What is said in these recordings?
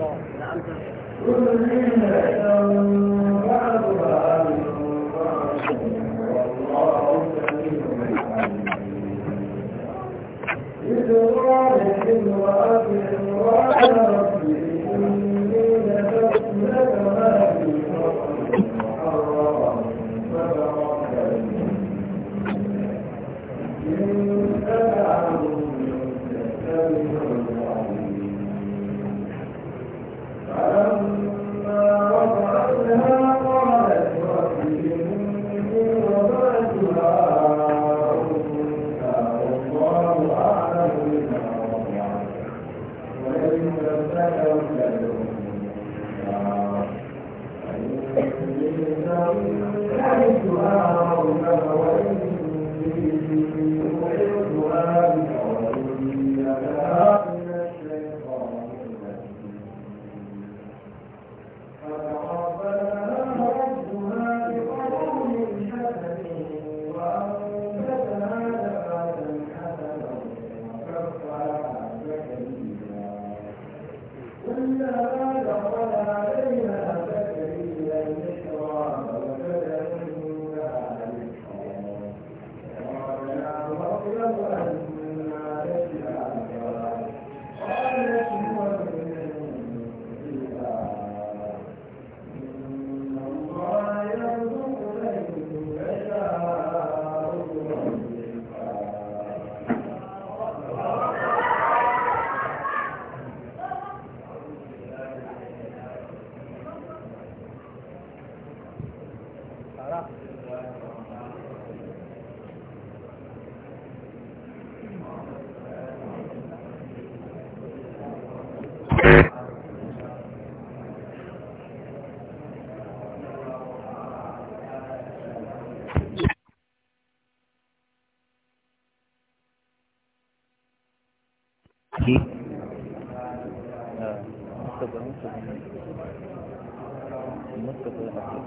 نعم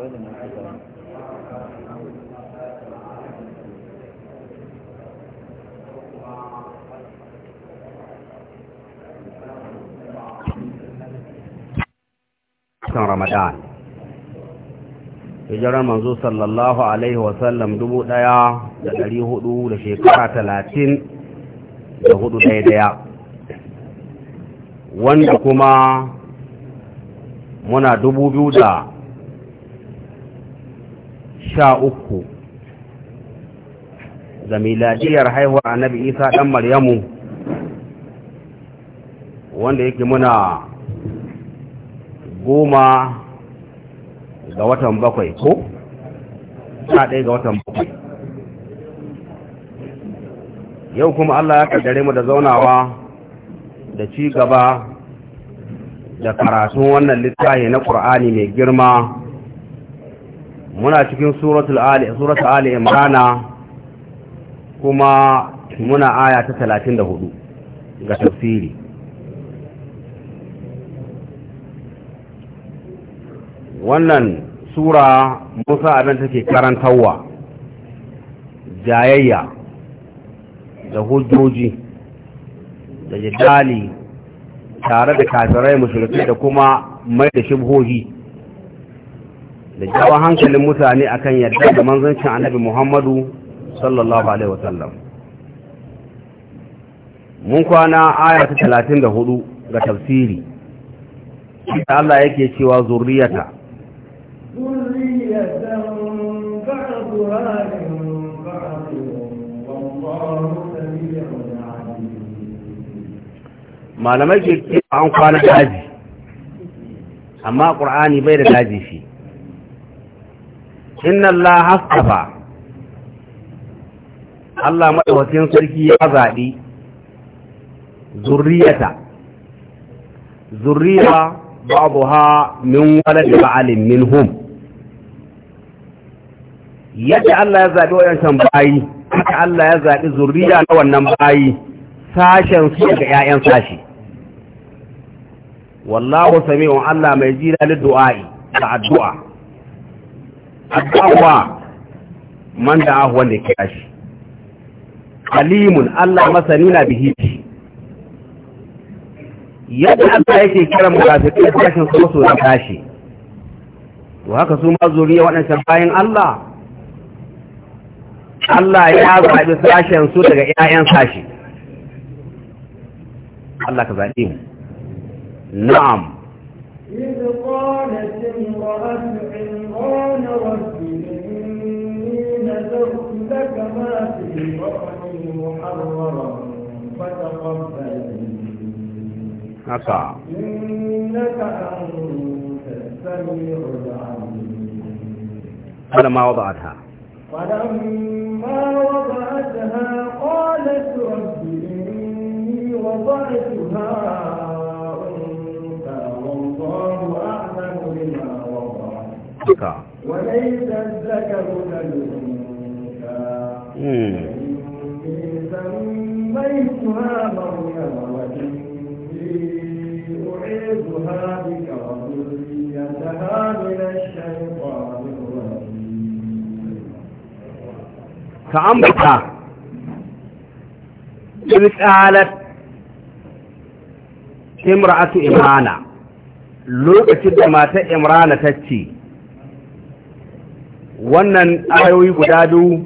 akwai da kan ramadan hijirar manzo sallallahu alaihi wasallam dubu daya da dari hudu da shekara talatin da hudu daya daya wanda kuma muna dubu biyu da sha uku da miladiyar haihuwa annabi isa dan maryamu wanda yake muna goma ga watan bakwai ko? sha ɗaya ga watan bakwai yau kuma Allah ya kaddare mu da zaunawa da ci gaba da karatun wannan littafi na ƙur'ani mai girma muna cikin suratul ali suratul imrana kuma muna aya ta 34 ga tafsiri wannan sura musa abin take karantarwa jayayya da hujjoji da jidali tare da kafirai musulmi da kuma mai da shubhohi da jawo hankalin mutane akan yadda da manzancin annabi Muhammadu sallallahu alaihi wasallam mun kwana talatin da hudu ga tafsiri da Allah yake cewa zurriyata malamai ke an kwana daji amma ƙur'ani bai da daji shi inna Allah hasafa Allah maɗaukacin sarki ya zaɓi zurriyata zurriya ha min walad ba'alin hum. yadda Allah ya zaɓi waɗancan bayi haka Allah ya zaɓi zurriya na wannan bayi sashen su daga ‘ya'yan sashi wallahu sami'un Allah mai jira da du'a'i da addu'a addawa man da ahu wanda ya kira alimun Allah masani na bihi yadda Allah yake kira munafiqai kashin su so da tashi to haka su ma zuriya waɗancan bayan Allah Allah ya zaɓi sashen su daga 'ya'yan sashi Allah ka zaɓi na'am إذ قالت امرأة قال رب إني نذرت لك ما في بطني محررا فتقبل مني إنك أنت السميع العليم فلما وضعتها فلما وضعتها قالت رب إني وضعتها أنثى والله أعلم بما الذكر وليس الذكر كالأنثى إني سميتها مريم وإني أعيذها بك وذريتها من الشيطان كأنبتها إذ قالت امرأة إمرانة lokacin da امرأة تتشي wannan ayoyi guda biyu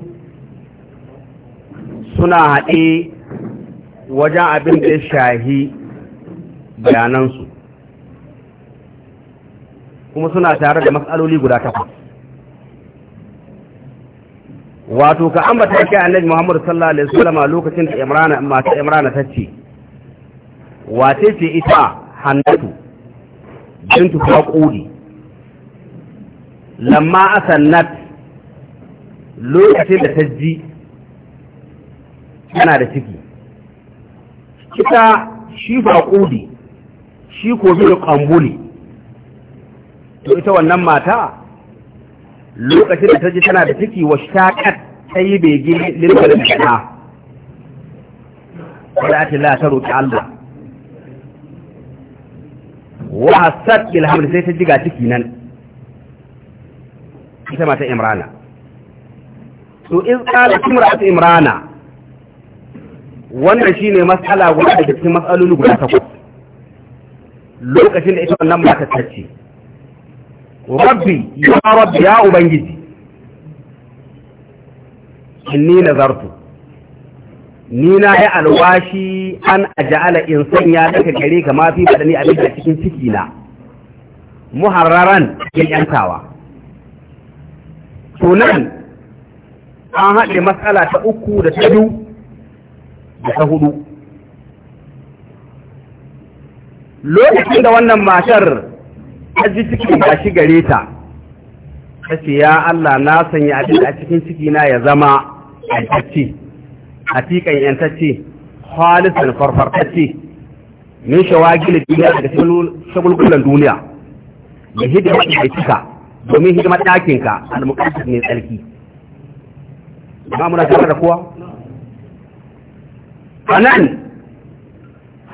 suna haɗe wajen abin da ya shahi bayanansu kuma suna tare da matsaloli guda takwas wato ka ambata kai annabi Muhammad sallallahu alaihi wasallam lokacin da Imrana mata ta ce, wace ce ita Hannatu bintu Faqudi lamma asannat lokacin da ta ji tana da ciki kita shi faƙudi shi ko bi ƙambuli to ita wannan mata lokacin da ta ji tana da ciki wa shaƙat ta yi bege lilkar da ta wadda ake la ta roƙi Allah wa hasad ilhamar sai ta ji ga ciki nan ita mata imrana to in qala imra'atu imrana wannan ne matsala guda daga cikin matsaloli guda takwas lokacin da ita wannan mata ta ce rabbi ya rabbi ya ubangiji inni nazartu ni na yi alwashi an aja'ala in sanya daga gare ka mafi faɗani a abin da cikin ciki na muharraran in yantawa sunan an haɗe matsala ta uku da ta biyu da ta hudu lokacin da wannan matar ta ji ciki ga shi gare ta ta ce ya Allah na sanya abin a cikin ciki ya zama yantacce tikan yantacce halittar farfartacce min shawagil duniya daga shagulgulan duniya da hidima da ita. domin hidimar ɗakinka al-muqaddas mai tsarki ba muna tare da kowa hanan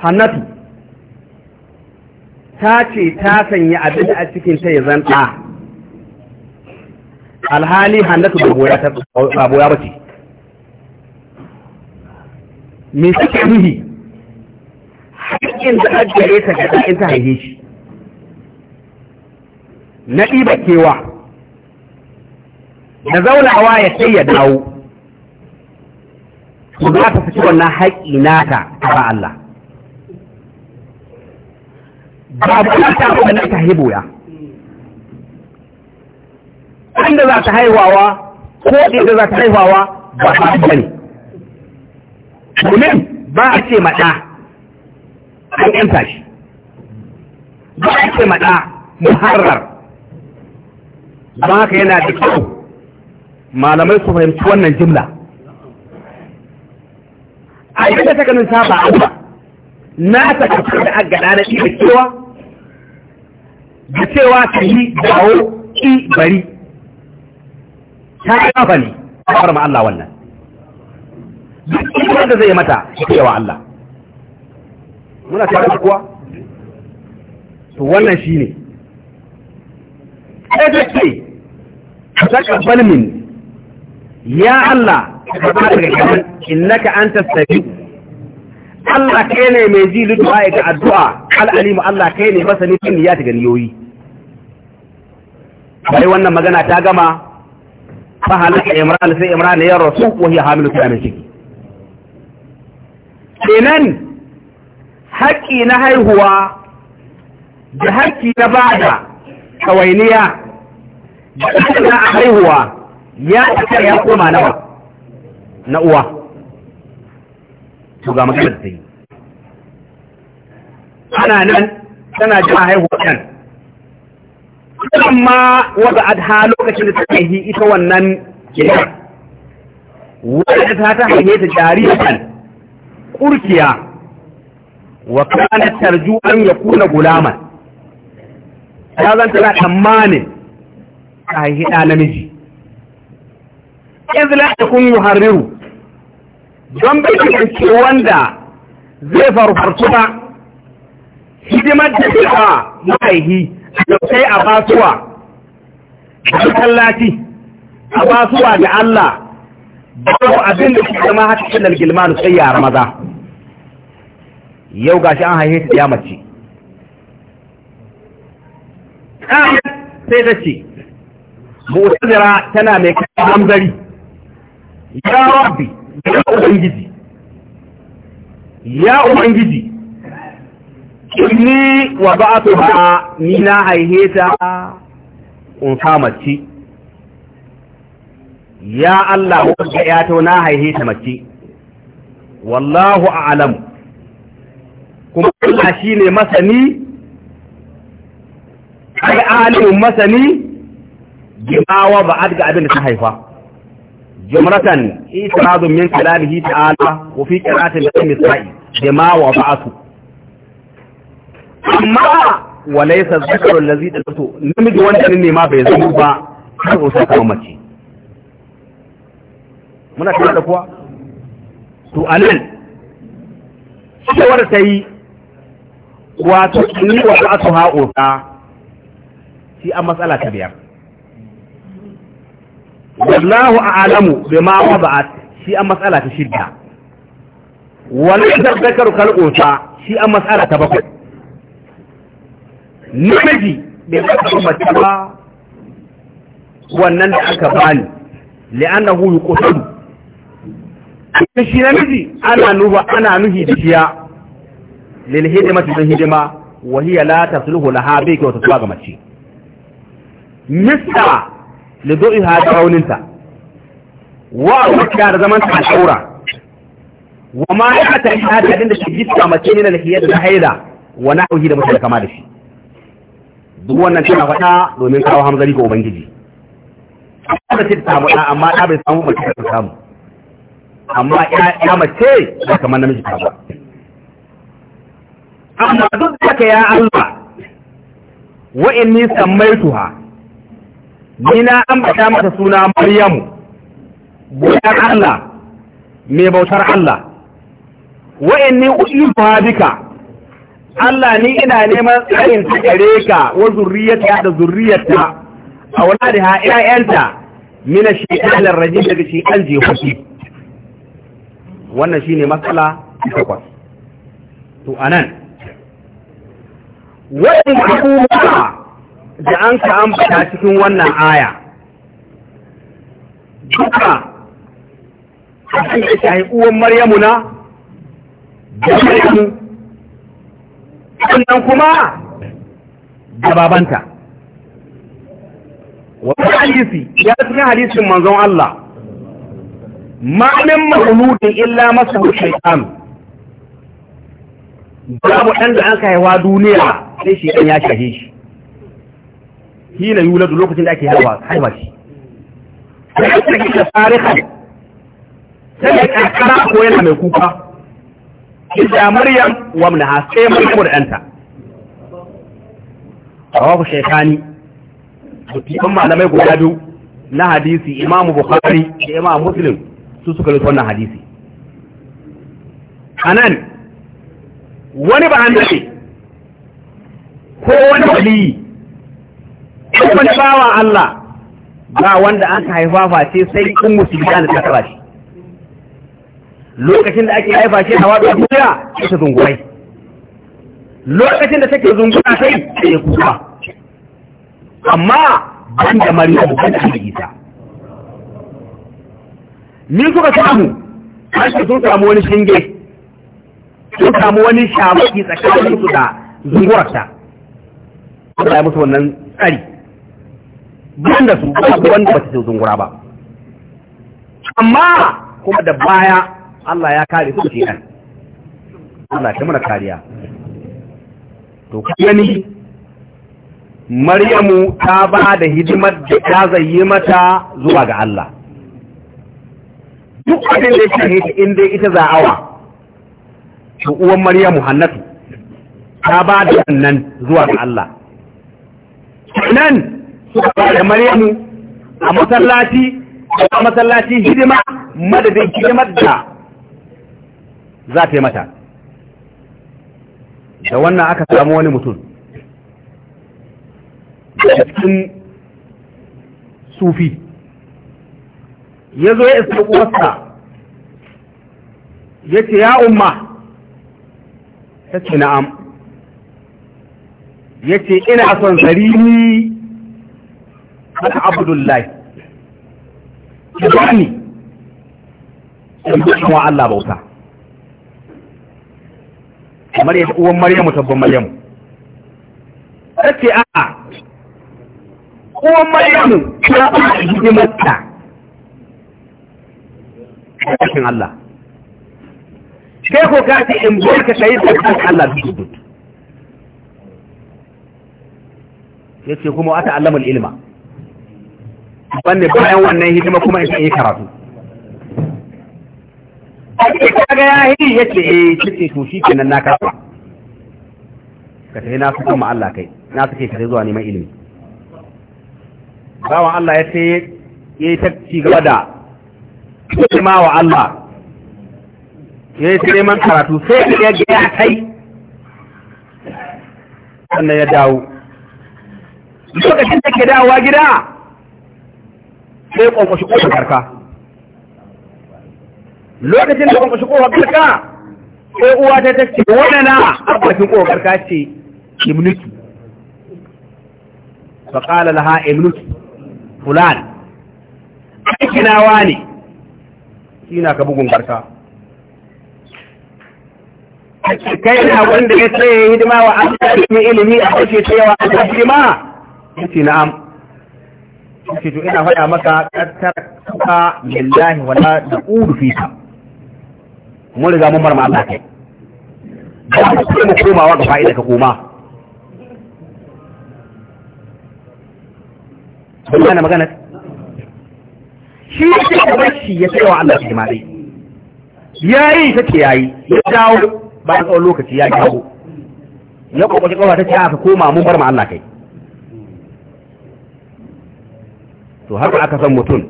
hannatu ta ce ta sanya abin da a cikin ta ya zanta alhali hannatu ba boya ta ba boya ba ce me suke nuhi haƙƙin da ajiyar ta ga in ta haihe shi na ɗiba kewa da zaunawa ya sai ya dawo su za ta fi wannan haƙi nata ta ba Allah ba ba ta abu da ta haihu ya inda za ta haihuwa ko inda za ta haihuwa ba ta ba ne domin ba a ce maɗa an ƙanta shi ba a ce maɗa muharrar don haka yana da kyau malamai su fahimci wannan jimla a yi da takanin saba abuwa na takasar da aga ɗana ɗi da cewa da cewa ta yi dawo ƙi bari ta yi kafa ne a ma Allah wannan duk wanda zai mata cewa Allah muna ta yi kuwa to wannan shi ne sai ta ke, a saka min ya Allah ka ba daga kamar innaka an tasabi Allah kai ne mai ji lutuwa ga addu'a al'alimu Allah kai ne masa masani tun ya ta ganiyoyi bai wannan magana ta gama fa halaka imran sai imran ya rasu ko ya hamilu ta mai ciki kenan haƙƙi na haihuwa da haƙƙi na bada kawainiya da a haihuwa ya ita ya koma nawa na uwa to ga magana da yi ana nan tana jin haihuwa ɗan amma wata adha lokacin da ta yi ita wannan kiyar wadda ta ta hanyar ta jariran ƙurkiya wa kana tarju an ya kuna gulaman ta zan tana tsammanin ka ɗa namiji na da kun muharriru don bai ƙarfi wanda zai farfartu ba hidimar da a mahaihi da sai a basuwa da a basuwa da Allah abinda abin da ke zama haka cikin gilmanu sai yara maza yau gashi an haihe ta ya mace sai ta ce mu'tazira tana mai kai hamzari ya rabbi ya ubangiji ya ubangiji inni wa ba'atuha ni na haihe ta unsa mace ya Allah wanda ya to na haihe ta mace wallahu a'lam kuma Allah shine masani kai alimin masani jimawa ba a daga abin da ta haifa jumratan isradun min kalamihi ta'ala wa fi qira'atin min isra'i ba su. amma wa laysa dhakaru allazi datu namiji wanda ne ma bai zama ba har sai kuma mace muna tare da kuwa to anan cewar ta yi wato ni wa ba'atu ha'usa shi a matsala ta biyar wallahu a'lamu bima wada'at shi an ta shidda shi an ta bakwai bai zaka mace ba wannan da aka bani li'annahu yuqsadu shi namiji ana nuba ana nuhi da shiya lil hidimati hidima wa hiya laha bi ka ga mace mista lido'iha da rauninta wa alwaka da zaman ta al'aura wa ma ya ta ina ta da shi gitta mace ne na lahiyar da haida wa na'uhi da mutane kama da shi duk wannan tana faɗa domin kawo hamzari ga ubangiji da ce ta samu ɗa amma ɗa bai samu mace ta samu amma ya mace ba kamar namiji ta ba amma duk da ka ya Allah wa'in ni sammaituha ni na ambata mata suna maryamu buyar Allah mai bautar Allah wa'anni uifa bika Allah ni ina neman tsarin ta gare ka wa zurriyata da zurriyata a wani da ƴaƴanta mina ƙalar raji daga shi an je jehusi wannan shi ne matsala takwas to anan wa'in kuma da an ka bada cikin wannan aya duka kan da shahi uwan maryamu na da maryamu sannan kuma da babanta wani hadisi ya cikin hadisin manzon Allah ma'anin mahuludin illa masa shaitan babu ɗan da an ka duniya sai shi ya shahe shi hina yuladu lokacin da ake haifa shi sai ya tsaki da tarihi sai ya karkara ko yana mai kuka inda maryam wa mnaha sai maryam da ɗanta rawahu shaykhani mutum malamai guda biyu na hadisi imamu bukhari da imamu muslim su suka rubuta wannan hadisi anan wani ba annabi ko wani waliyi duk wani bawa Allah ba wanda an haifa face sai in musulmi an ta tara shi lokacin da ake haifa shi na wadda duniya sai ta zungurai lokacin da take zungura sai sai ya kuka amma ban da Maryam ban da Isa ni suka samu har sun samu wani shinge sun samu wani shamaki tsakanin su da zungurarta Allah ya musu wannan tsari ban da su ba wanda ba su zungura ba amma kuma da baya Allah ya kare su shi nan Allah ta mana kariya to kani Maryamu ta ba da hidimar da ta zayi mata zuwa ga Allah duk abin da yake ta inda ita za'awa to uwan Maryamu Hannatu ta ba da nan zuwa ga Allah nan suka ba da maryamu a masallaci a masallaci hidima madadin hidimar da za ta yi mata da wannan aka samu wani mutum da cikin sufi ya zo ya isa uwarsa ya ce ya umma ta ce na'am ya ce ina son sarili ana abdullahi ki bani in ba wa Allah bauta kamar yadda uwan Maryamu tabban Maryamu take a'a uwan Maryamu ta ba hidimarta kashin Allah Ke ko ka in bar ka kai da Allah duk ya ce kuma wata allamar ilma wanda bayan wannan hidima kuma in yi karatu kaga ya hidi yace eh kike to shi kenan na kafa ka tafi na sukan ma Allah kai na suke ka zuwa neman ilimi bawan Allah ya ce yi ta ci gaba da kuma wa Allah ya yi neman karatu sai ya gaya kai sannan ya dawo lokacin da ke dawowa gida sai kwankwashi kofar karka lokacin da kwankwashi kofar karka sai uwa ta ta ce wani na abbasin kofar karka ce imnuki fa qala laha imnuki fulan aikinawa ne kina ka bugun karka kai na wanda ya tsaye hidima wa an ilimi a kake tsayawa a hidima yace na'am ce to ina faɗa maka ƙasar ka lillahi wala da ƙudu fi mun riga mun marma Allah kai ba ku kuma komawa ga fa'ida ka koma Bari ana magana shi ya ce da bashi ya tsaye wa Allah shi jima'i ya yi ta ce ya yi ya dawo a tsawon lokaci ya yi hagu ya kwakwace kawai ta ce aka koma mun marma Allah kai to haka aka san mutun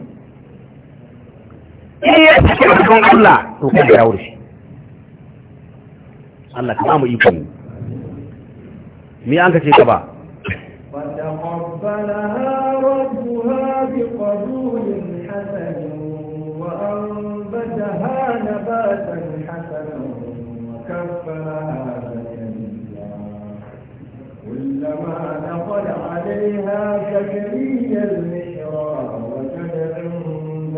in ya sake akan Allah to kai ya wuri Allah ka samu ikon me an kace ka ba فتقبلها ربها كلما دخل عليها زكريا المحراب أبصارا وجد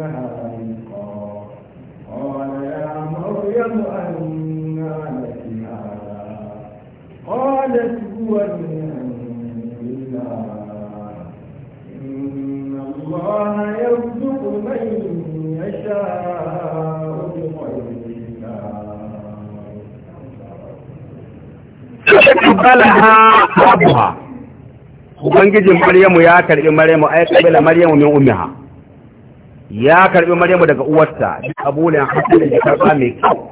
قال يا مريم أنى لك هذا قالت هو من إن الله يرزق من يشاء بغير حساب فبلها أبوها ubangijin maryamu ya karbi maryamu ay qabila maryamu min ummiha ya karbi maryamu daga uwarta kabulin hasan da karba mai kyau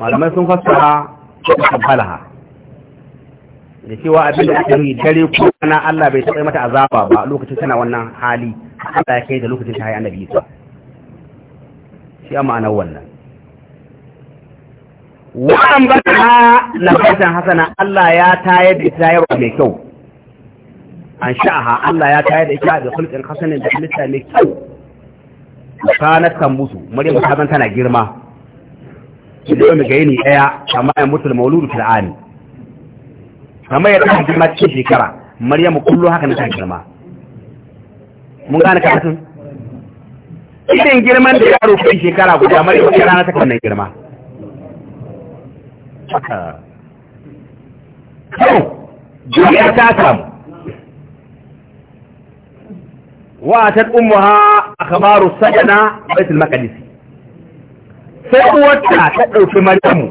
malamai sun fassara da kabbalaha da cewa abin da ake yi dare ko na Allah bai taɓa mata azaba ba lokacin tana wannan hali Allah ya kai da lokacin ta hayi annabi Isa shi a ma'anar wannan wa'an ba ta nabatin hasana Allah ya tayar da ita yawa mai kyau an sha'aha Allah ya tayar da ita da kulkin hasanin da halitta mai kyau kanar kan musu, muryar ta tana girma da yau gaini yini daya amma ya mutu da mauludu fil'ani amma ya ta girma cikin shekara muryar kullu haka na ta girma mun gane karatun irin girman da yaro kai shekara guda maryam ta rana ta kan girma haka kawo duniya ta samu wa ta ummuha akhbaru sajana baitul maqdis sai uwarta ta ɗauki maryamu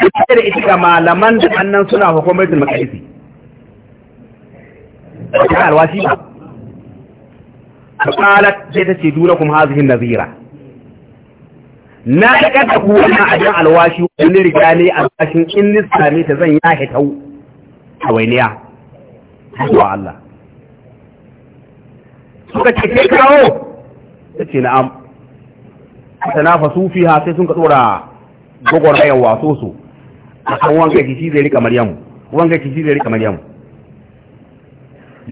sai da ita ga malaman da annan suna hukumar baitul maqdis ta alwashi ba qalat zai ta ce kuma hadhihi nazira na daga da ku wannan ajin alwashi wani riga ne alwashin in ni sami ta zan yahe tau a wainiya. zuwa Allah suka ce ke kawo ta ce na'am ta na fasu fi ha sai sun ka tsora gogor hayan waso su a kan wanka kishi zai rika maryamu wanka kishi zai rika maryamu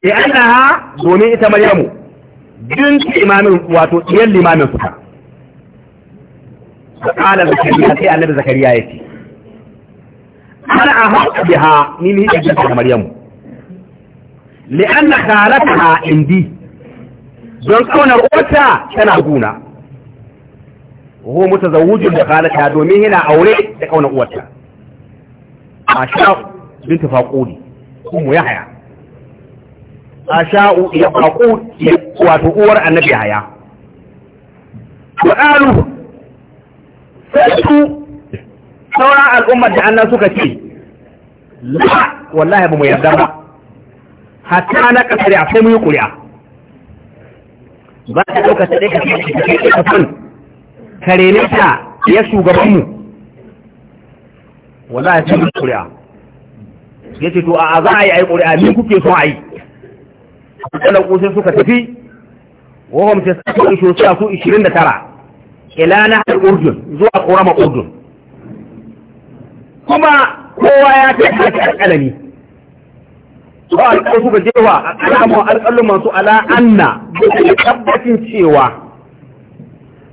da ha domin ita maryamu binti imamin wato ɗiyar limamin suka فقال زكريا سي انا زكريا يتي انا احق بها مين هي بنت مريم لان خالتها عندي دون كون اوتا كان غونا هو متزوج بخالتها دومين هنا اوري كون اوتا عشاء بنت فاقودي ام يحيى عشاء يفاقود واتقور النبي يحيى وقالوا sai su sauran al'ummar da annan suka ce la wallahi ba mu yarda ba hatta na kasari a sai mu yi kuri'a ba ta ɗauka ta ɗaya ka sun, kare ne ta ya shugaban mu wallahi sai mu yi kuri'a ya ce to a za a yi a yi kuri'a ni kuke so a yi wannan ƙusin suka tafi wahon ta sa su ishirin da tara ila na urdun zuwa ƙorama urdun kuma kowa ya ta haka alƙalami ko alƙalu suka jewa a ƙalamu alƙalu masu ala da tabbacin cewa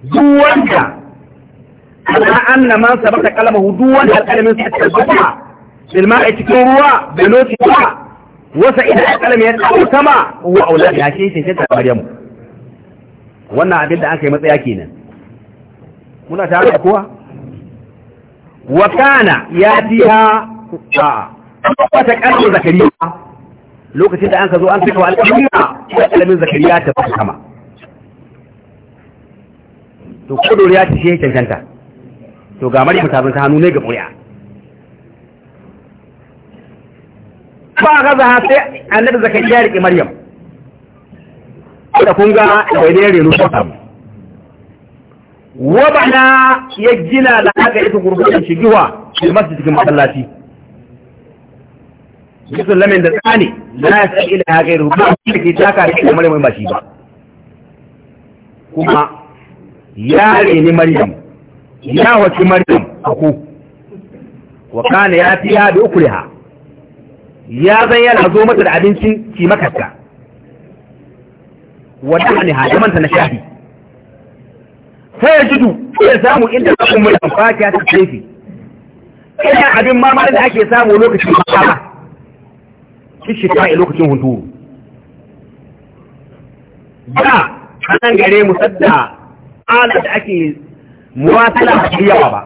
duk wanda ala anna man sabaka kalamahu duk wanda alƙalamin sa ta tabbata bil ma'i cikin ruwa bil loti ba wasa idan alƙalamin ya tsawo sama wa aulad ya shi shi ta Maryamu wannan abin da aka yi matsaya kenan muna tare da kowa wa kana ya tiya a wata kalmar zakariya lokacin da an ka zo an fito al'amura ya alamin zakariya ta fi kama. to kodoro ya ci shi cancanta to ga mari mutabin ta hannu ne ga ƙuri'a ba gaza ha sai annabi zakariya ya riƙe maryam da kun ga da wani reno ko samu wa bana ya gina da aka ita gurgurun shigiwa da masu cikin masallaci bisu lamin da tsani la ya sa ila haka irin ba shi ke taka da kamar mai bashi ba kuma ya reni maryam ya wace maryam ako wa kana ya fiya uku ukuriha ya zan yana zo mata da abincin kimakarta wadda ne manta na shafi sai ya jidu ya samu inda za mai amfaki ta tsefi ina abin mamar da ake samu lokacin makama shi shi ta lokacin hunturu a nan gare mu sadda ala da ake muwasala a yawa ba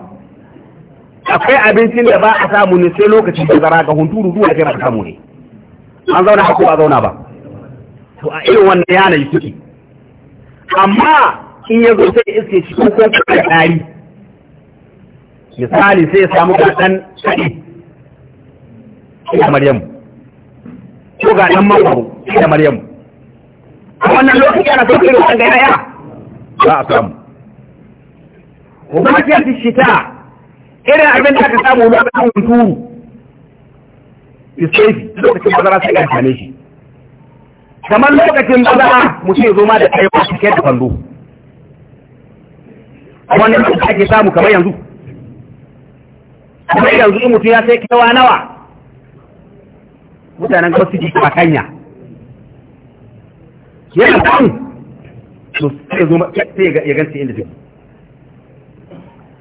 akwai abincin da ba a samu ne sai lokacin da zara ga hunturu zuwa sai ba samu ne an zauna haku ba zauna ba to a irin wannan yanayi suke amma in ya zo sai iske cikin kofi da ƙari misali sai ya samu gaɗan kaɗi da maryamu ko gaɗan mangwaro da maryamu a wannan lokaci ana so kai wannan gaya za a samu ko kuma ce shita irin abin da aka samu lokacin hunturu isaifi lokacin bazara sai ya same shi kamar lokacin bazara mutum ya zo ma da ɗaya ko ke da kwando wannan da ake samu kamar yanzu kamar yanzu in mutum ya sai kewa nawa mutanen ga su ji kakanya yana kan to sai zo sai ya gansu inda take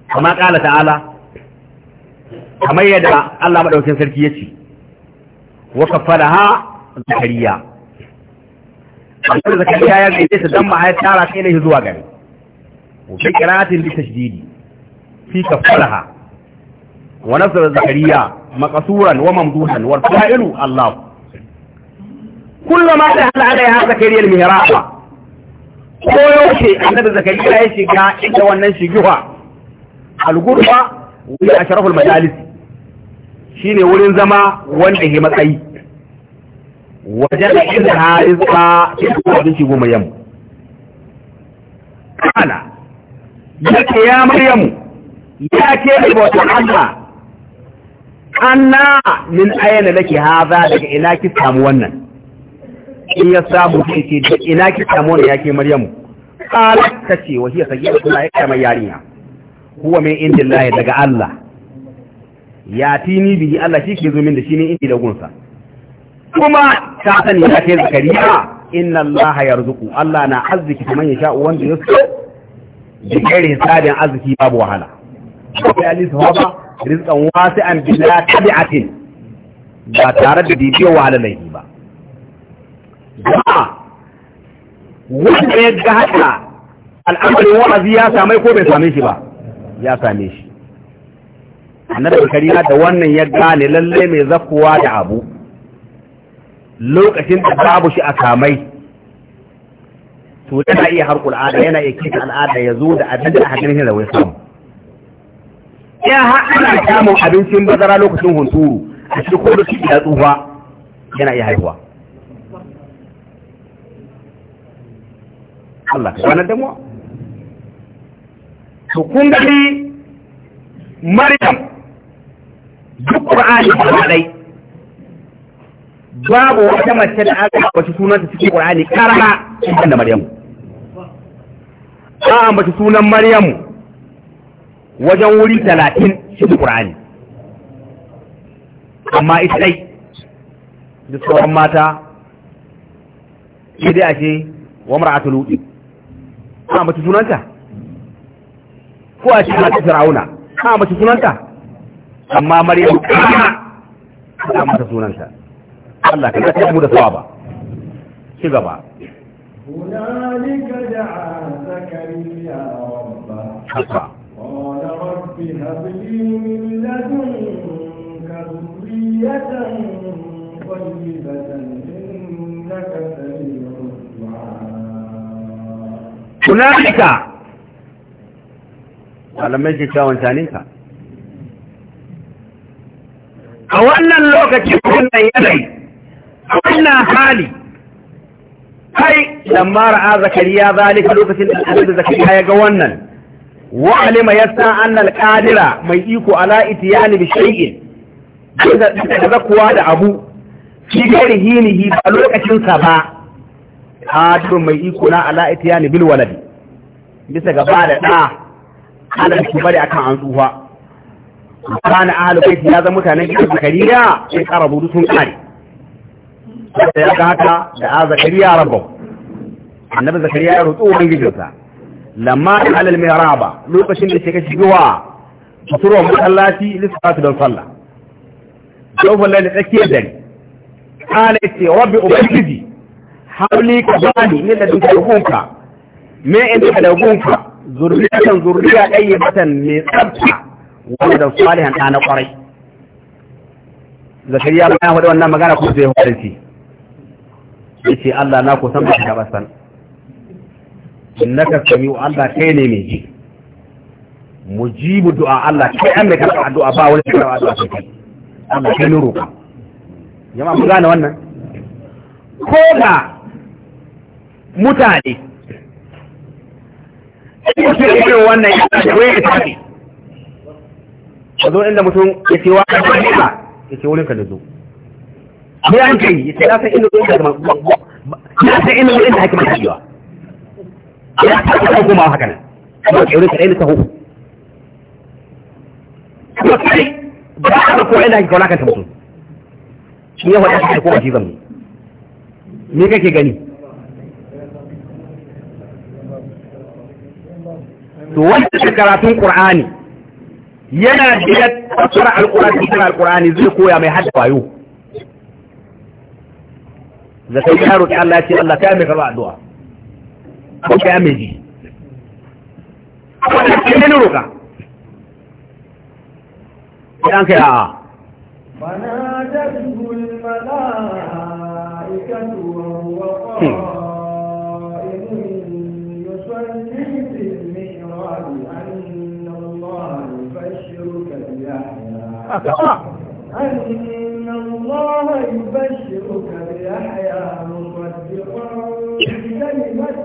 kama kala ta'ala kamar yadda Allah maɗaukin sarki ya ce wa kafalaha zakariya Allah zakariya ya gaide su dan mahaifiyar tara sai ne zuwa gari وفي قراءة بالتشديد في كفرها ونصر زكريا مقصورا وممدوحا والفاعل الله كلما دخل عليها زكريا المهراب koyaushe annabi zakariya ya shiga inda wannan shiguwa algurba wani a sharaful majalis shi ne wurin zama wanda ke matsayi wajen da inda ha yake ya maryamu ya ke bauta Allah anna min ayyana laki haza daga ina ki samu wannan in ya samu ke ce da ina ki samu wannan yake maryamu ta ce wa hiya sagira kuma ya kama yarinya huwa min indillahi daga Allah ya tini bihi Allah shi ke zumin da shi ne indi da gunsa kuma ta sani ya ce zakariya inna Allah yarzuqu Allah na arziki man yasha wanda yasha da irin arziki babu wahala sai ali su hafa rizqan wasi'an a tabi'atin ba tare da bibiyar wahala na yi ba jama'a wanda ya ga haka al'amarin wa'azi ya same ko bai same shi ba ya same shi annabi karina da wannan ya gane lalle mai zakuwa da abu lokacin da babu shi a samai to yana iya harku al'ada yana iya kika al'ada ya zo da abin da aka ganin da wai samu ya har ana samun abincin bazara lokacin hunturu a cikin kodo ciki ya tsufa yana iya haihuwa Allah ka wani damuwa to kun gani Maryam duk Qur'ani ba dai babu wata mace da aka kwashi sunanta cikin Qur'ani karama, inda Maryam an ambaci sunan maryamu wajen wuri talatin cikin ƙur'ani amma ita dai, da sauran mata shi dai ake wa mara'atu lutu an ambaci sunanta ko a cikin mata fir'auna an ambaci sunanta amma maryamu kana an ambata sunanta Allah ka ga ta mu da sawaba ci gaba هنالك دعا زكريا ربه قال رب هب لي من لدنك ذرية طيبة إنك سميع الدعاء هنالك malamai kyakkyawan taninka a wannan lokacin wannan yanayi a wannan hali kai lamma ra'a zakariya zalika lokacin da annabi zakariya ya ga wannan wa alima yasa anna mai iko ala itiyani bi shay'in da zakuwa da abu shi gari hi ba lokacin sa ba qadir mai iko na ala itiyani bil walad bisa gaba da da ala bari akan an tsufa kana ahlul bayt ya zama mutanen gidan zakariya sai karabu sun kare da ya gata da a zakariya rabau annabi zakariya ya roƙi ubangijinsa lamma alal mihraba lokacin da take shigowa fiturwa masallaci lissafi don sallah jofin da tsakiyar dare kala ce rabbi ubangiji hauli ka bani ne da dukkan hukunka me in ka da hukunka zurriyatan zurriya ɗayyabatan mai tsabta wanda da salihan ɗana ƙwarai zakariya bayan faɗi wannan magana kuma zai ya faɗi yace Allah na ku san ka ba innaka samiu Allah kai ne mai ji mujibu du'a Allah kai an mai karɓa addu'a ba wani karɓa addu'a sai kai Allah kai ne roƙa yamma mu gane wannan ko da mutane ko sai irin wannan ya ta waye ta ne zo inda mutum ya ce wa ka ba ya ce wurin ka da zo me an kai yace san inda ko da Ya san inda inda haka mai yiwa ya ta ta kuma haka nan ba ke wurin kai ta hu kuma kai ba ka ko inda ka wala ka mutum shi ya wada ko ba shi zan me kake gani to wannan karatun qur'ani yana da tsara alqur'ani tsara alqur'ani zai koya mai hada. wayo da sai ya roƙi Allah ya ce Allah ka mai karɓa addu'a ko ka mai ji wannan kin ne roƙa idan kai a'a فنادته الملائكة وهو قائم يصلي في المحراب أن الله يبشرك بيحيى أن الله يبشرك بيحيى مصدقا بكلمة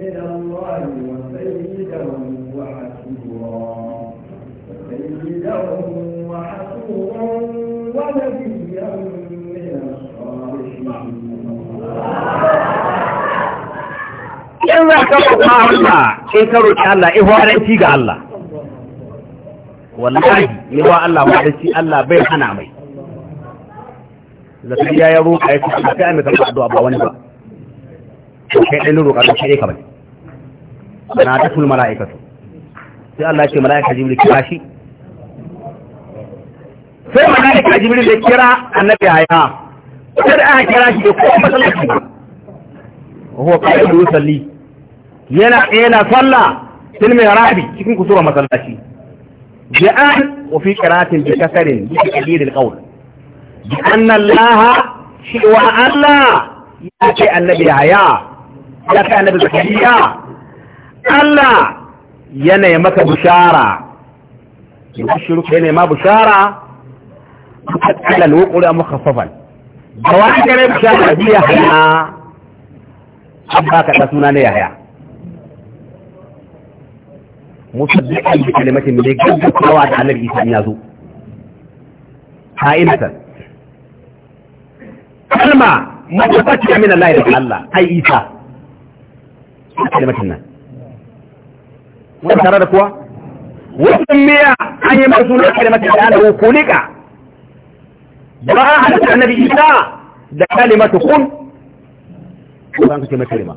من الله وسيدا وحسورا سيدا وحسورا ونبيا من الصالحين الله كفر الله شكر الله إفارتي قال الله والله يوا الله وحسي الله بيحنا مي zakariya ya roƙa ya ce ba sai an karɓa addu'a ba wani ba kai ɗan roƙa ba kai ka bai na ta tul mala'ikatu sai Allah ya ce mala'ika jibril kira shi sai mala'ika jibril ya kira annabi haya sai aka kira shi ko masallaci ba huwa qa'id yusalli yana yana sallah fil rabi cikin kusura masallaci ja'an wa fi qira'atin bi kasarin bi taqdir al-qawl بأن الله laha الله يا شيء ce annabi يا ya ce annabi الله Allah yana بشارة bushara يبشرك هنا ما بشارة على الوقوع مخففا جواك كان بشارة يا يحيى أباك تسمنا يا يحيى مصدقا بكلمة من جد قواد على الإسلام يازو حائمة kalma matabbaci min Allah da Allah ai isa kalmatin nan wannan tare da kuwa wannan miya an masu na kalmatin da Allah kulika ba a halatta annabi isa da kalimatu kun ko an kace mai kalma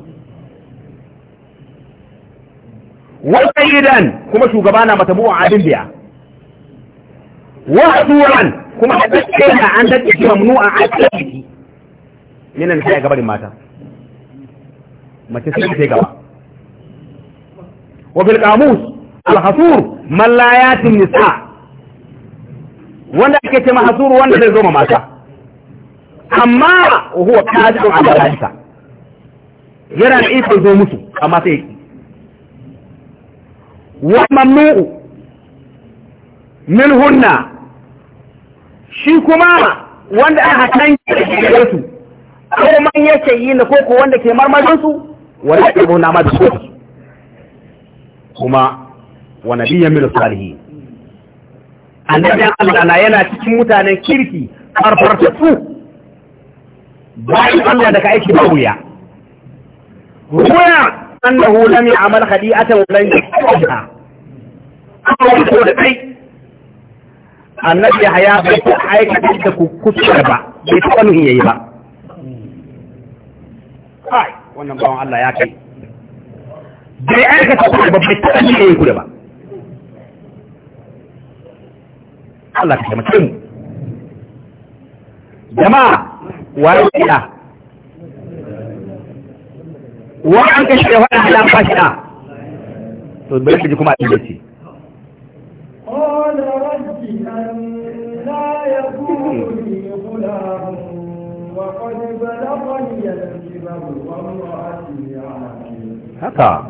wa sayyidan kuma shugaba na matabu'un adin an a yana da sai gabarin mata mace sai ta gaba wa bil qamus al hasur man la yatin nisa wanda ake ce ma wanda zai zo mata amma huwa qadirun ala dalika yana da ikon zo musu amma sai yake wa mamnu'u min hunna shi kuma wanda aka tanke da su ko man yake yi na koko wanda ke marmarin su wani ake buna ma da su kuma wa nabiyyan min salihin annabi Allah na yana cikin mutanen kirki farfarta su bayan Allah da ka aiki ba wuya wuya annahu lam ya'mal khadi'atan wa lam yusha Allah ko da kai annabi haya bai aikata da kuskure ba bai taɓa yi ba kai wannan bawan Allah ya kai bai aikata ku da bai taɓa ni yayin ku da ba Allah ka taimake mu jama'a waye wa an da halan to bai kuma a haka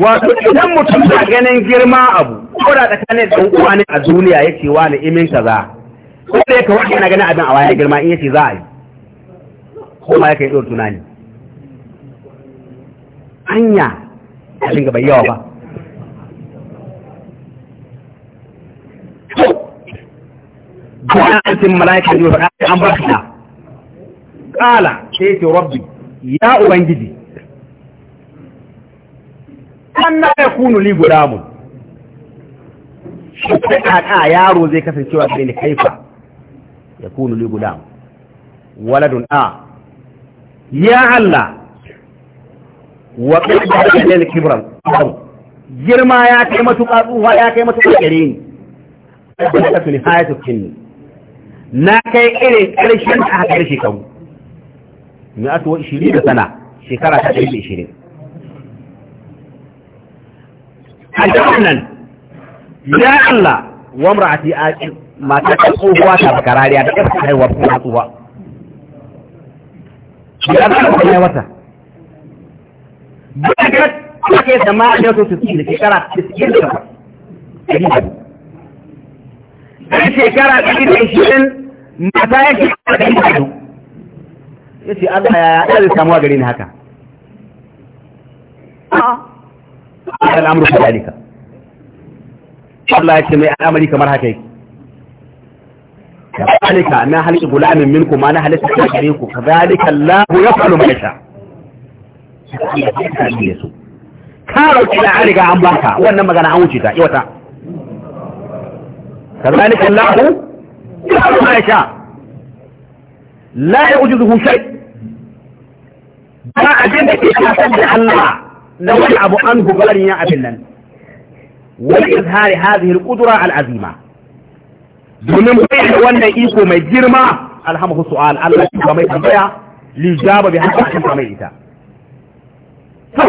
wato idan mutum na ganin girma abu ko da tsakanin da uwa ne a duniya ya ce wa imin za? ko da yake wani yana ganin abin a waya girma in ce za a yi ko ma yake yi tunani hanya abin ga bai yawa ba an antin malaika ne ka an ba ta qala sai ce rabbi ya ubangiji anna yakunu li gulamun shi ka yaro zai kasancewa sai ni kaifa yakunu li gulam waladun a ya Allah wa qadda lil kibran girma ya kai matuƙa tsufa ya kai matuƙa gare ni da ta tuni na kai irin ƙarshen a haƙar shekaru mai atuwa ishirin da sana shekara ta ɗari a jami'an nan ya Allah wa mura'ati a mata ta tsohuwa ta bakarariya da ƙarfi wa kuma tsohuwa ya za ka kuma wata ba ka ga kuma ke zama a yau to su da shekara 98 ɗan shekara ɗari da ishirin mata ya shekara ɗari da ya ce Allah ya yaɗa samu a gari ne haka a ah. al'amuru ka dalika Allah ya ce mai al'amari kamar haka yake kazalika na halki gulamin minkum ma na halitta ta gare ku kazalika Allah ya falu mai sha ka roki da an riga an baka wannan magana an wuce ta iwata كذلك الله يفعل ما يشاء لا يعجزه شيء ba abin da ke kasar da Allah na wani abu an gubarin ya abin nan wani izhari hadhihi al-qudra al-azima domin bayyana wannan iko mai girma alhamdu su'al Allah ya mai tambaya li jaba bi hadda kan mai ita to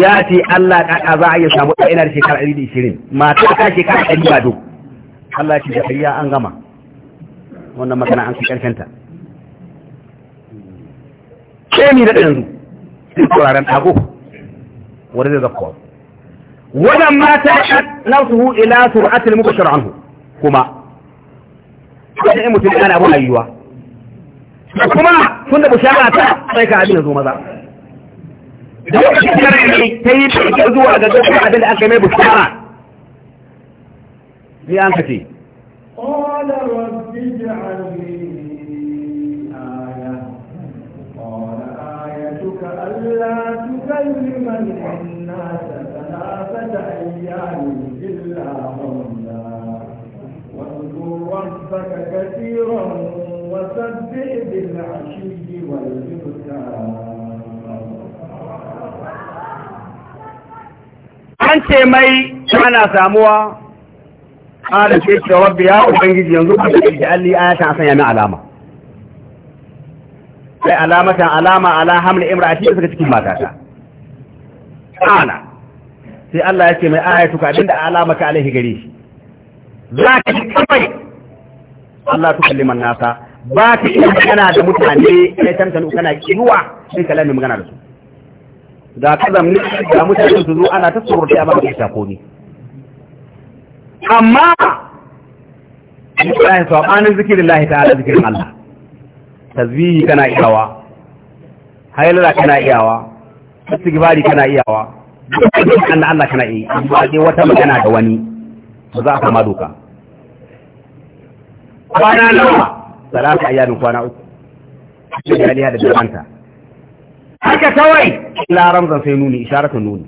ya ce Allah ka za a yi samu ɗaya na shekara 120 mata Allah ce da an gama wannan magana an fi ƙarfinta ke ni da yanzu sai turaren tago wanda zai zakkowa wadan mata nafsuhu ila sur'atil mubashir anhu kuma kada in mutum ana abun ayyuwa kuma tun da bushara ta sai ka abin zo maza da lokacin da ta yi ta zuwa ga dukkan abin da aka mai bushara ni an kace qala rabbi ij'alni aya qala ayatuka alla tukallima an-nasa thalathata An ce mai tana samuwa قال ubangiji yanzu يا أبنجي ينظر قال لي آية عشان يا alama sai alamatan alama ala hamla imra'ati da suka cikin mata ta ana sai Allah ya yake mai ayatu ka abinda alamata alaihi gare shi za ka ji kawai Allah tu kalliman nasa ba ta iya magana da mutane sai tantan kana kiwa sai kalamin magana da su da ka zamni da mutane su zo ana ta sururta amma ba ta komi amma Allah sabanin zikirin Allah ta'ala zikirin Allah tasbihi kana iyawa haylala kana iyawa istighfari kana iyawa dukkan Allah kana yi amma dai wata magana da wani ba za ka ma doka kwana nawa salatu ayyamin kwana uku sai da liya da dabanta haka kawai la ramzan sai nuni isharatu nuni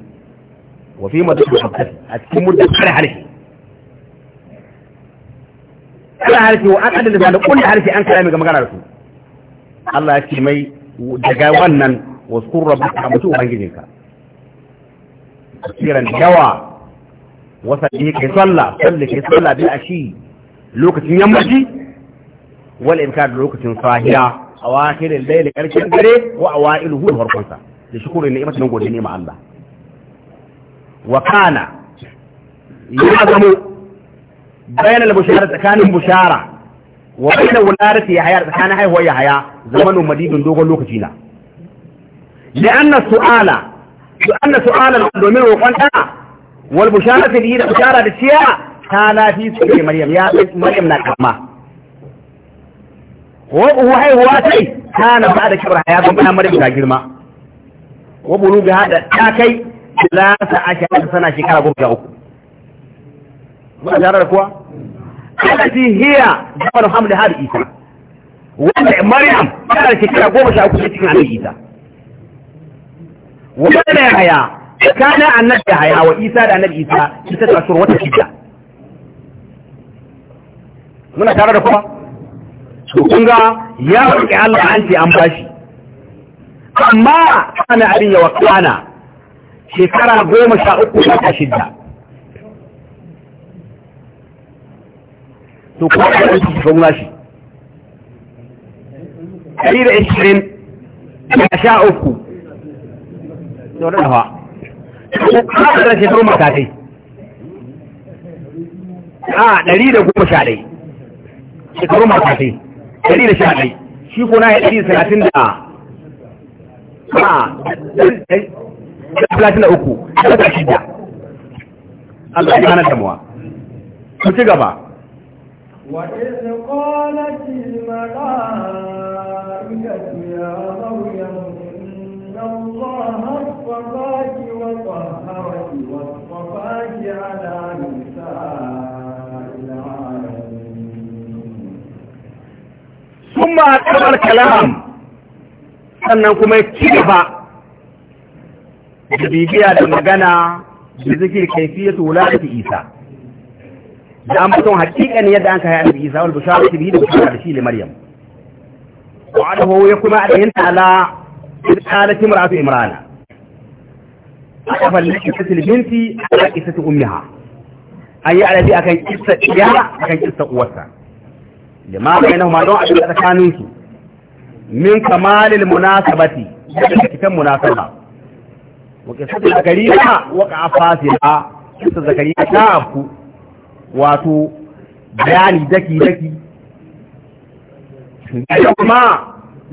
wa fi madad al a cikin kare harfi kala harshe wa an adana da kullum harshe an kalami ga magana da su Allah ya ce mai daga wannan rabu rabbaka mutu ubangijinka kiran yawa wasa ne kai sallah sallah kai sallah bil ashi lokacin yammaci wal imkan lokacin sahiya awakir al-layl karkin dare wa awailuhu da farkon sa da shukuri ne imatan godiya ne ma Allah wa kana ya zama بين البشارة كان بشارة وبين ولادة يحيى كان هي هو يحيى زمن مديد دوغو لوكجينا لأن السؤال لأن سؤال الدومين وقال أنا والبشارة دي بشارة بشيا كان في سبيل مريم يا مريم نكما هو هي هو أتي كان بعد كبر حياة ربنا مريم نكما وبلوغ هذا تاكي لا تعشى سنة شكرا بوكا أوكو ما جرى الأخوة alati hiya jawar hamli har isa wanda maryam tana shekara goma sha kusa cikin annabi isa wannan ne haya kana annabi haya wa isa da annabi isa ita ta shuru wata shida muna tare da kuma to kun ga ya rike Allah an ce an bashi amma kana abin ya wakana shekara goma sha uku ta shida to kuma da su shiga nashi ɗari da ishirin da sha uku da wadda hawa ko kuma da shekaru matakai a ɗari da goma sha ɗai shekaru matakai ɗari da sha ɗai shi kuna ya ɗari da talatin da talatin da uku a ƙasa shida Allah ya hana damuwa. Ku ci gaba. وإذ قالت الملائكة يا مريم إن الله اصطفاك وطهرك واصطفاك على نساء ثم أكبر الكلام sannan kuma ya ci gaba da bibiya da magana da zikir da wulati isa da an fito hakikan yadda an kai annabi Isa wal bisharati bihi da bishara da shi ne Maryam wa adahu ya kuma adinta ala idalati mar'atu imrana afal kisati binti ala kisati ummiha ayi alabi akan kissa iya akan kissa uwarsa lima bainahuma don a tsakanin su min kamalil munasabati kitan munasaba wa kisati zakariya wa qafasila kissa zakariya ta afku wato bayani daki daki da kuma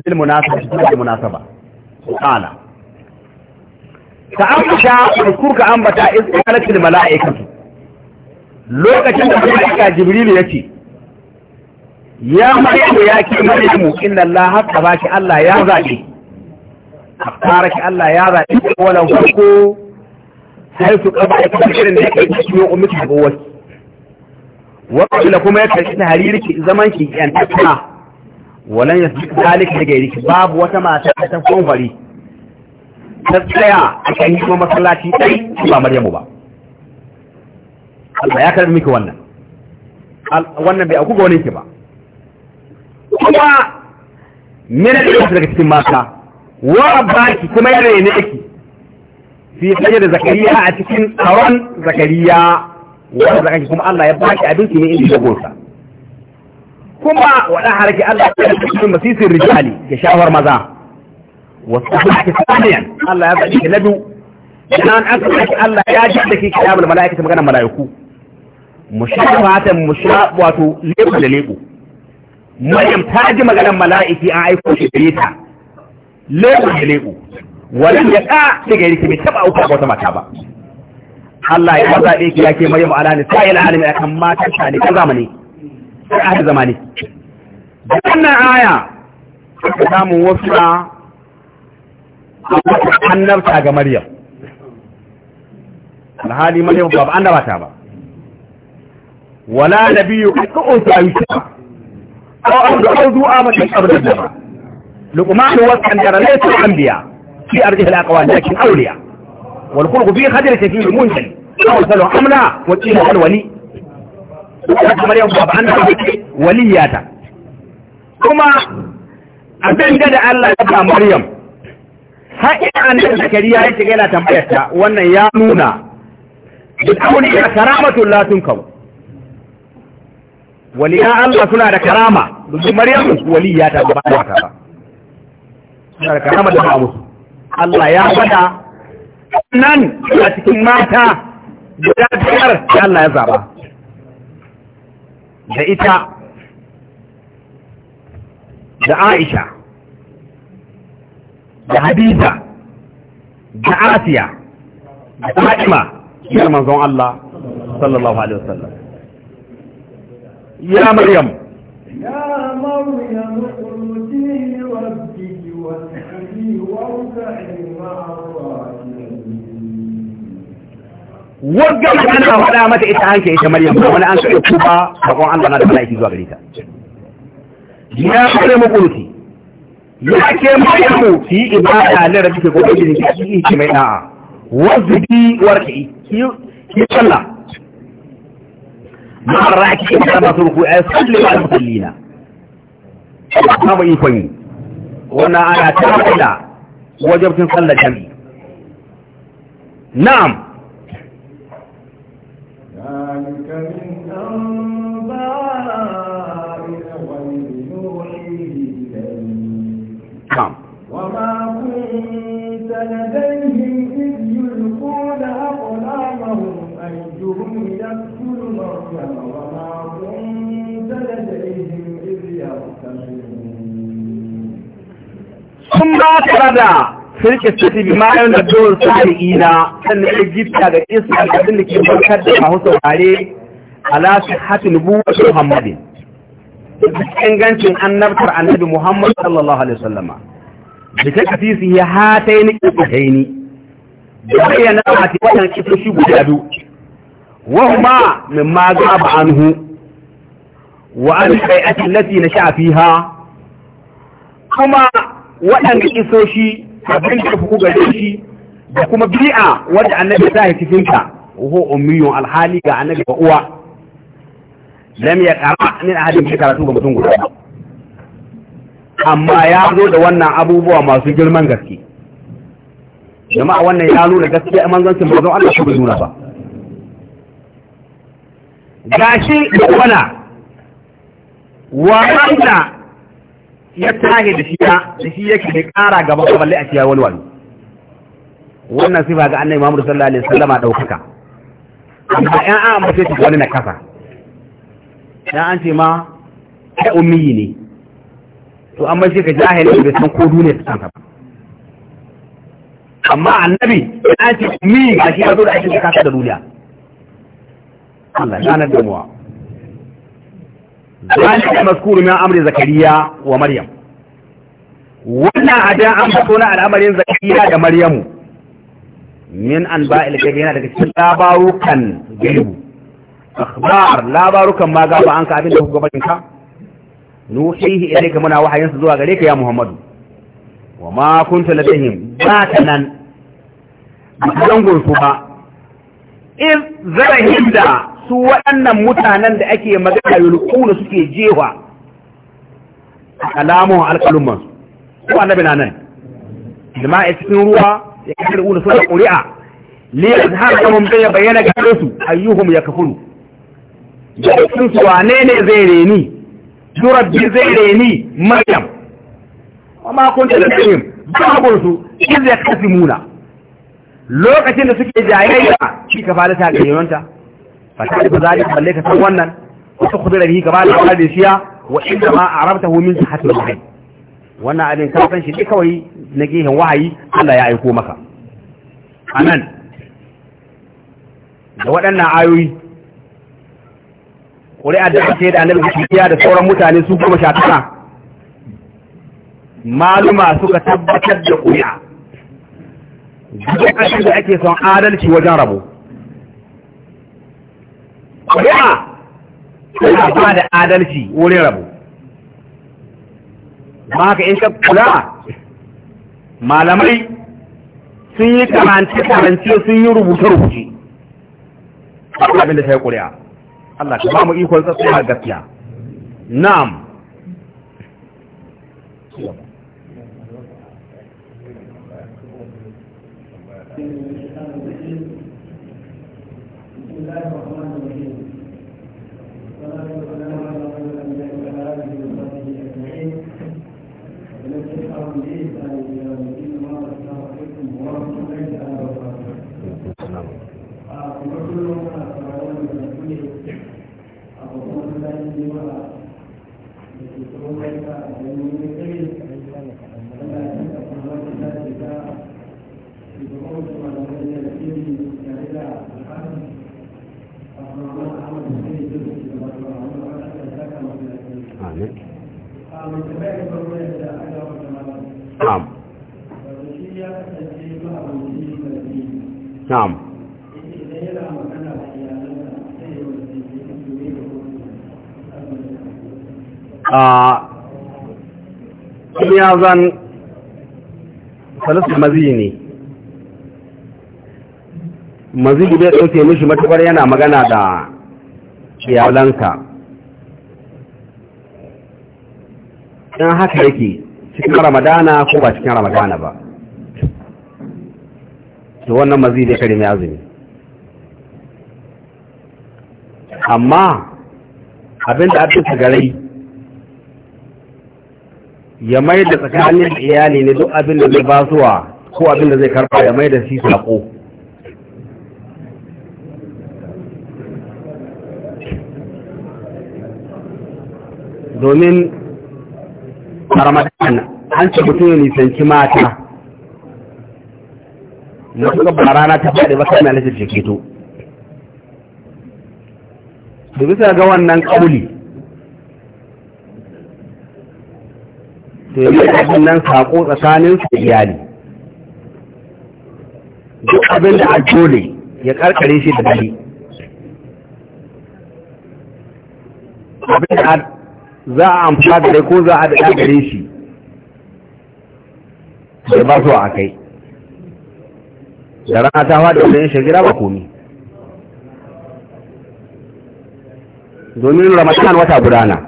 lil munasaba lil munasaba qala da kurka ambata is qalatil mala'ikatu lokacin da malaika jibril ce. ya maryamu ya ki maryamu inna allaha ki allah ya zabi ki allah ya zabi wala farko sai su kaba ikirin da yake cikin ummati ga wasu waƙila kuma ya karshi haririki zaman ki yan tattuna walan ya zuci zalika daga yariki babu wata mata ta ta kwanfari ta tsaya a kan yi kuma masallaci ɗai su ba maryamu ba Allah ya karbi miki wannan wannan bai auku ga wani ki ba kuma mene da yau daga cikin mata wa abbaki kuma ya rene ki fi sanya da zakariya a cikin tsaron zakariya wanda zaka kuma Allah ya baki abinci ne inda gonsa kuma wada harake Allah ya cikin masisir rijali ya shawar maza wasu haka saniyan Allah ya zaɓi ki nadu dan an saki Allah ya ji da ki kitabul mala'ikatu magana mala'iku mushabatan mushab wato lebu da lebu Maryam ta ji maganar mala'iki an aiko shi gare ta lebu da lebu walan ya ka daga yake bai taba auka wata mata ba Allah ya maza ɗaya ki yake mai ma'ana ne sai ila alimi akan matan ta ne kan zamani sai a zamani da wannan aya ka samu wasu a annabta ga Maryam alhali Maryam ba annaba ta ba wala nabiyyu qad usa yusha aw an du'u amatan qabla dama luqman wa kan dara laysa anbiya fi arjih alaqwal lakin awliya والخلق فيه خدر كثير منجل أرسل حملا وقيل الولي kamar yau babu an waliyata kuma abin da Allah ya ba Maryam har ina an da Zakariya ya shiga yana tambayar ta wannan ya nuna duk auni ya karamatu la tunkaw waliya Allah suna da karama duk Maryam ba ta ba suna da karama da Allah ya fada nan a cikin mata guda biyar da Allah ya zaba da ita da Aisha da Hadiza da Asiya da Fatima ya manzon Allah sallallahu alaihi wasallam ya Maryam ya Maryam qunuti rabbiki wasbi warka'i ma'a wagga magana faɗa mata ita hanke ita maryam ba wani an kai kuma bakon Allah na da malaiki zuwa gare ta ya kare mu kunti ya ke maryamu fi ibada ne da kike gobe ki ki ki mai da'a wazbi warki ki ki sallah ma raki ita ba su ku ai salli wa sallina ta ba ikon yi wannan ana ta da wajibcin sallar jami'i na'am يوحيه إليك وما كنت لديهم إذ يلقون أقلامهم أيهم يكفل مريم وما كنت لديهم إذ يرتمون ثم أعترض firke sati bi ma yau da dole sa'ina sannan egypta da kisa da abin da ke barkar da mahu saurare ala su hatin buwa muhammadin ingancin annabtar annabi Muhammad sallallahu alaihi wasallama da ta ya hatai ni kai ni da bayyana a wannan kisoshi guda biyu wa huma mimma gaba anhu wa an bai'ati allati nasha fiha kuma waɗanda kisoshi abin da fuku gare shi da kuma bi'a wanda annabi ta yi cikin ta wa ummiyun alhali ga annabi wa uwa lam ya ƙara min ahadin bai karatu ga mutum guda amma ya zo da wannan abubuwa masu girman gaske jama'a wannan ya nuna gaske a manzancin mazan Allah shi nuna ba gashi wana wanda ya tahe da shi da shi yake da ƙara gaba balle a wani walwal wannan sifa ga annabi Muhammad sallallahu alaihi wasallama daukaka amma ya an sai ta wani na kasa dan an ce ma kai ummi ne to amma shi ka jahili bai san ko duniya ta san ba amma annabi an ce ummi ga shi ya zo da ake kasa da duniya Allah ya nan da muwa maskuru مذكور amri zakariya wa maryam wannan adan an fito na al'amarin Zakariya da maryamu min an ba gabi yana daga cikin labarukan gaibu akhbar labarukan ma gaba an ka abin da kuka bakin ka nuhihi ilayka muna wahayin su zuwa gare ka ya muhammadu wa ma kunta ladayhim ba ta nan kan su ba iz zarahim da su waɗannan mutanen da ake magana yulquna suke jewa kalamu alqalumman ko annabi na nan lima cikin ruwa ya kafiruna sura qur'a li yazhara kamum bayyana gare su ayyuhum yakfuru da wane ne zai reni turabbi zai reni maryam amma kun da tsayin babun su in zai kasi muna lokacin da suke jayayya shi ka fara ta gayyonta fa ta da a balle ka san wannan wasu khudra bihi kama da da shiya wa inda ma arabtahu min sahati al wannan abin ka san shi ne kawai na gehen wahayi Allah ya aiko maka anan da waɗannan ayoyi ƙuri'ar da ake da annabi kishiya da sauran mutane su goma sha tuka maluma suka tabbatar da ƙuri'a duk ƙasar da ake son adalci wajen rabo ƙuri'a suna ba da adalci wurin rabo ba ka in ka kula malamai sun yi karanci karanci sun yi rubuce-rubuce abin da ta yi ƙuri'a Allah ka ba mu ikon tsaya gaskiya na'am Nam. a ya zan salisa maziyi ne maziyi bai ɗauke mishi matuƙar yana magana da iyalanka in haka yake cikin ramadana ko ba cikin ramadana ba to wannan mazi da kare mai azumi amma abinda abin garai ya mai da tsakanin iyali ne duk abin da zai ba zuwa ko abin da zai karba ya mai da shi sako domin a ramadan an ce mutum ya nisanci mata na suka ba rana ta faɗi ba kan na lafiyar ke to. Dubisa ga wannan ƙauli to yi nan saƙo tsakanin su iyali duk abin da a dole ya karkare shi da dare abin da za a amfana da dai ko za a daɗa gare shi da ba su a kai da rana ta fada da yin shagira ba komi domin ramadan wata gudana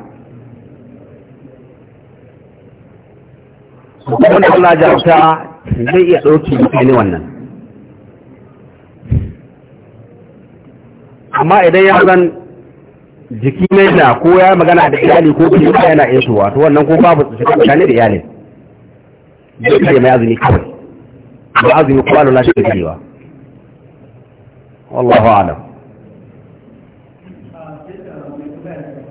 wanda Allah jarabta zai iya ɗauki ne wannan amma idan ya zan jiki ne na ko ya magana da iyali ko kuma yana yin suwa to wannan ko babu su tsakanin da iyali zai kare mai azumi kawai ba azumi kuma lalace da karewa wallahu a'lam